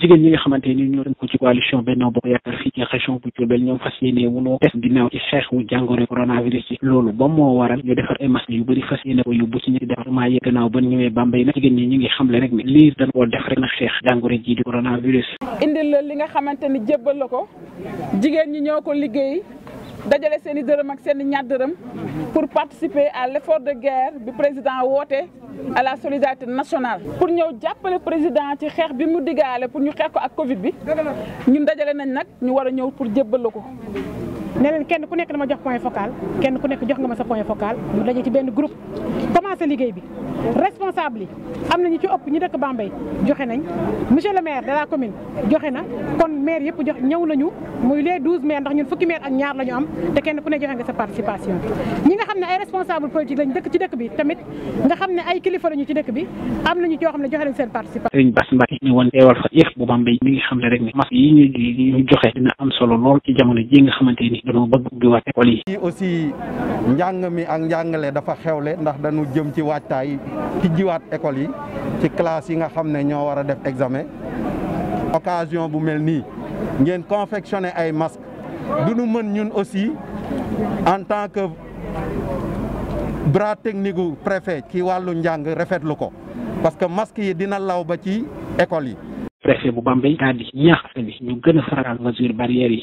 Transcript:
jigéen ñi nga xamante ni ñoo tënku ci coalition Benno Bokk Yaakaar fii ci région bu Diourbel ñoom fas yéene wunoo des ginnaaw ci xeex wu jàngoro coronavirus ci loolu ba moo waral ñu defar ay yu bëri fas yéene ko yóbbu ci ñetti département yi gannaaw ba ñëwee Bambey nag jigéen ñi ñu ngi xamle rek ne lii def rek na xeex jàngoro jii di coronavirus indil la li nga xamante ni ko jigéen ñi ñoo ko liggéey dajale seen i dërëm ak seen i ñaar dërëm pour participer à le fort de guerre bi président woote à la solidarité nationale. pour ñëw jàppale président ci xeex bi mu digaale pour ñu xeex ko ak Covid bi ñun dajale nañ nag ñu war a ñëw pour jébbal ko. ne leen kenn ku nekk dama jox point focal kenn ku nekk jox nga ma sa point focal ñu daje ci benn groupe commencé liggéey bi responsable yi am na ñu ci ëpp ñu dëkk Bambey joxe nañ monsieur le maire de la commune joxe na kon maire yëpp jox ñëw nañu muy les douze maires ndax ñun fukki maire ak ñaar kenn ku ne joxe nga sa participation ñi nga xam bi tamit nga xam ne kilifa lañu ci dëkk bi am ñu woon teewal fa yëf bu Bambey mi ngi dina am solo lool ci jamono ji nga xamante ni dañoo bëgg di waat école aussi njàng mi ak njàngale dafa xewle ndax dañu jëm ci waajtaay tijjiwaat école yi ci classe yi nga xam ne ñoo war a def examen occasion bu mel nii ngeen confectionné ay masques du nu mën ñun aussi en tant que bras technique gu préfet ci wàllu njàng rafetlu ko parce que masques yi dina law ba ci école yi. préfet bu Bambey ñaax askan wi ñu gën a faral mesure yi.